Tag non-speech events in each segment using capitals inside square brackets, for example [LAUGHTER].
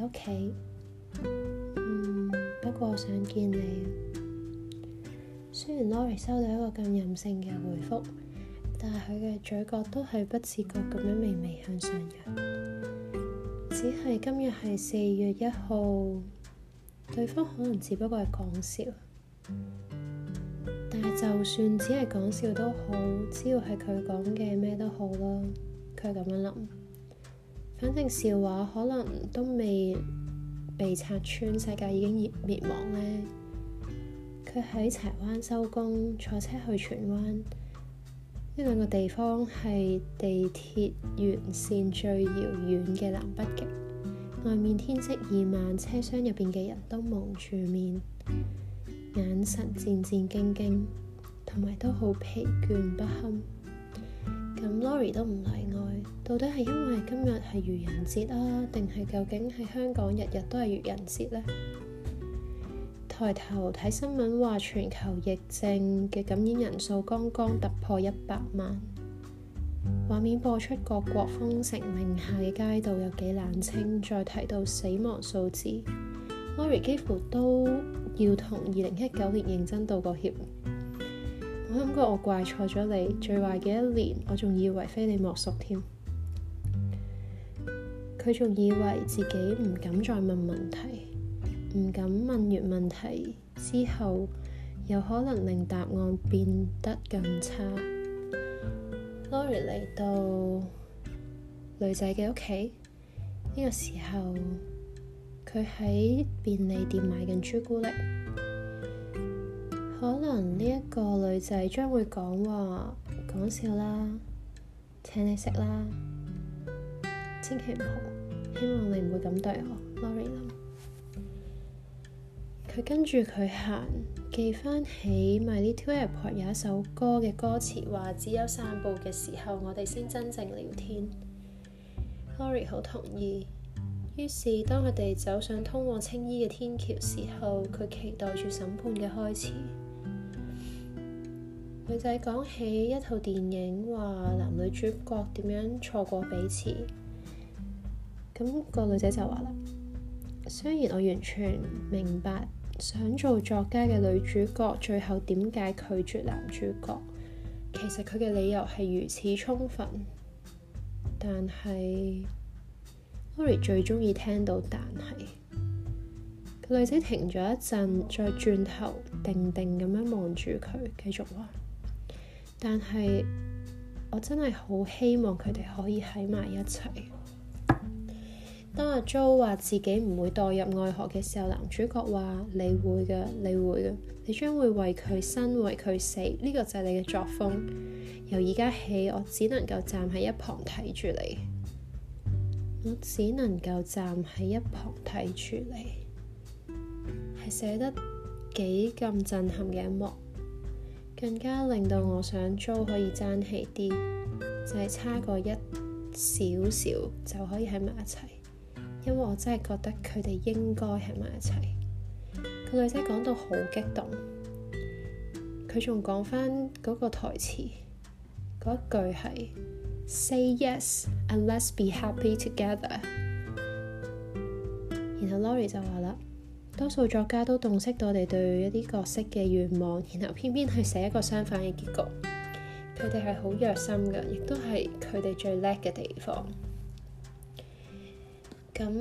屋企，嗯，不過我想見你。雖然 Laurie 收到一個咁任性嘅回覆，但係佢嘅嘴角都係不自覺咁樣微微向上揚。只係今日係四月一號， [LAUGHS] 對方可能只不過係講笑。但係就算只係講笑都好，只要係佢講嘅咩都好咯，佢係咁樣諗。反正笑話可能都未被拆穿，世界已經滅亡咧。佢喺柴灣收工，坐車去荃灣，呢兩個地方係地鐵沿綫最遙遠嘅南北極。外面天色已晚，車廂入邊嘅人都蒙住面，眼神戰戰兢兢，同埋都好疲倦不堪。咁 Laurie 都唔例外。到底係因為今日係愚人節啊，定係究竟係香港日日都係愚人節呢？抬頭睇新聞，話全球疫症嘅感染人數剛剛突破一百萬。畫面播出各國封城令下嘅街道有幾冷清，再提到死亡數字，Laurie 幾乎都要同二零一九年認真道個歉。我諗過我怪錯咗你，最壞嘅一年，我仲以為非你莫屬添。佢仲以為自己唔敢再問問題，唔敢問完問題之後，又可能令答案變得更差。 [MUSIC] Laurie 嚟到女仔嘅屋企，呢個時候佢喺便利店買緊朱古力，可能呢一個女仔將會講話，講笑啦，請你食啦。星期唔好，希望你唔會咁對我。Lori 諗佢跟住佢行寄返起 My l i t t l e Airport 有一首歌嘅歌詞，話只有散步嘅時候，我哋先真正聊天。Lori 好同意。於是當佢哋走上通往青衣嘅天橋時候，佢期待住審判嘅開始。女仔講起一套電影，話男女主角點樣錯過彼此。咁個女仔就話啦：雖然我完全明白想做作家嘅女主角最後點解拒絕男主角，其實佢嘅理由係如此充分，但係 Laurie 最中意聽到但係。個女仔停咗一陣，再轉頭定定咁樣望住佢，繼續話：但係我真係好希望佢哋可以喺埋一齊。當阿、啊、Jo 話自己唔會墮入愛河嘅時候，男主角話，你會嘅，你會嘅，你將會為佢生，為佢死，呢、這個就係你嘅作風。由而家起，我只能夠站喺一旁睇住你，我只能夠站喺一旁睇住你，係寫得幾咁震撼嘅一幕，更加令到我想 Jo 可以爭氣啲，就係、是、差過一少少就可以喺埋一齊。因為我真係覺得佢哋應該喺埋一齊。個女仔講到好激動，佢仲講翻嗰個台詞，嗰句係 Say yes and let's be happy together。然後 Laurie 就話啦，多數作家都洞悉到我哋對一啲角色嘅願望，然後偏偏去寫一個相反嘅結局。佢哋係好虐心㗎，亦都係佢哋最叻嘅地方。咁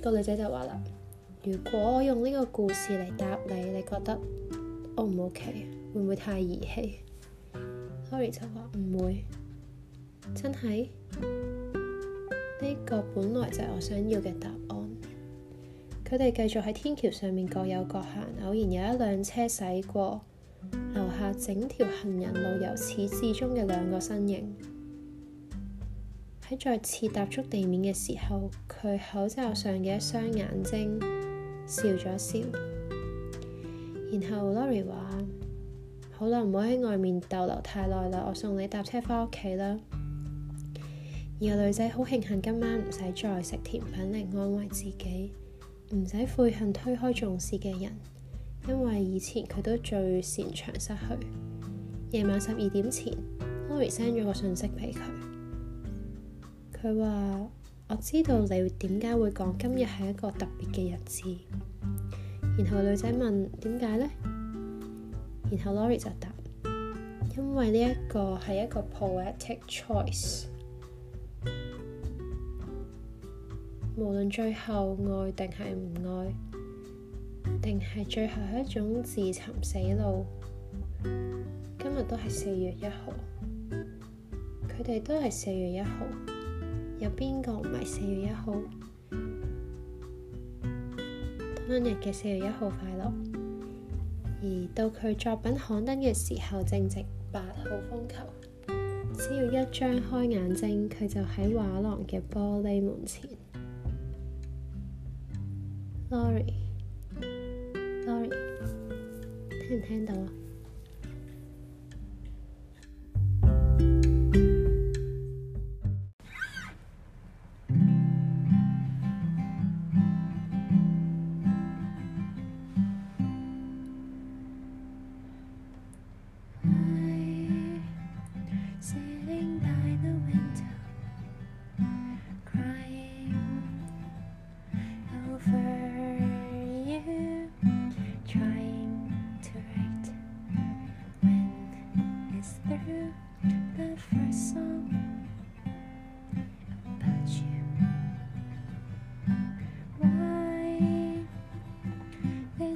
個女仔就話啦，如果我用呢個故事嚟答你，你覺得 O 唔 O K？會唔會太兒戲？Laurie 就話唔會，真係呢、呢個本來就係我想要嘅答案。佢哋繼續喺天橋上面各有各行，偶然有一輛車駛過，留下整條行人路由始至終嘅兩個身影。喺再次踏足地面嘅時候，佢口罩上嘅一雙眼睛笑咗笑，然後 Laurie 話：好耐唔好喺外面逗留太耐啦，我送你搭車返屋企啦。而個女仔好慶幸今晚唔使再食甜品嚟安慰自己，唔使悔恨推開重視嘅人，因為以前佢都最擅長失去。夜晚十二點前，Laurie send 咗個信息俾佢。佢話：我知道你點解會講今日係一個特別嘅日子。然後女仔問點解呢？然後 Laurie 就答：因為呢一個係一個 poetic choice。無論最後愛定係唔愛，定係最後係一種自尋死路，今日都係四月一號。佢哋都係四月一號。有邊個唔係四月一號？當日嘅四月一號快樂。而到佢作品刊登嘅時候，正值八號風球。只要一張開眼睛，佢就喺畫廊嘅玻璃門前。Laurie，Laurie，聽唔聽到啊？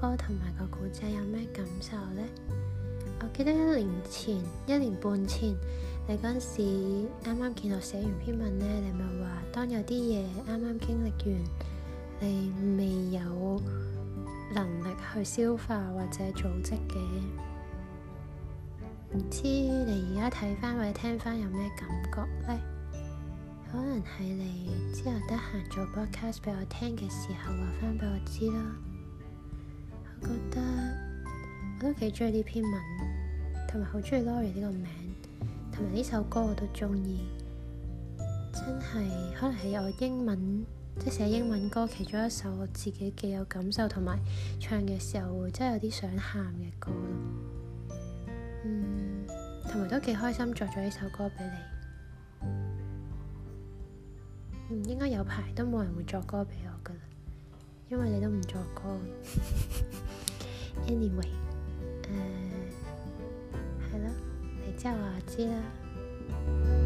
歌同埋個古仔有咩感受呢？我記得一年前，一年半前，你嗰陣時啱啱見我寫完篇文呢。你咪話當有啲嘢啱啱經歷完，你未有能力去消化或者組織嘅。唔知你而家睇翻或者聽翻有咩感覺呢？可能係你之後得閒做 broadcast 俾我聽嘅時候話翻俾我知咯。覺得我都幾中意呢篇文，同埋好中意 Laurie 呢個名，同埋呢首歌我都中意，真係可能係我英文即係寫英文歌其中一首，我自己幾有感受，同埋唱嘅時候會真係有啲想喊嘅歌咯。嗯，同埋都幾開心作咗呢首歌俾你，唔、嗯、應該有排都冇人會作歌俾我噶啦。因為你都唔作歌，anyway，誒、呃，係咯，你之後話我知啦。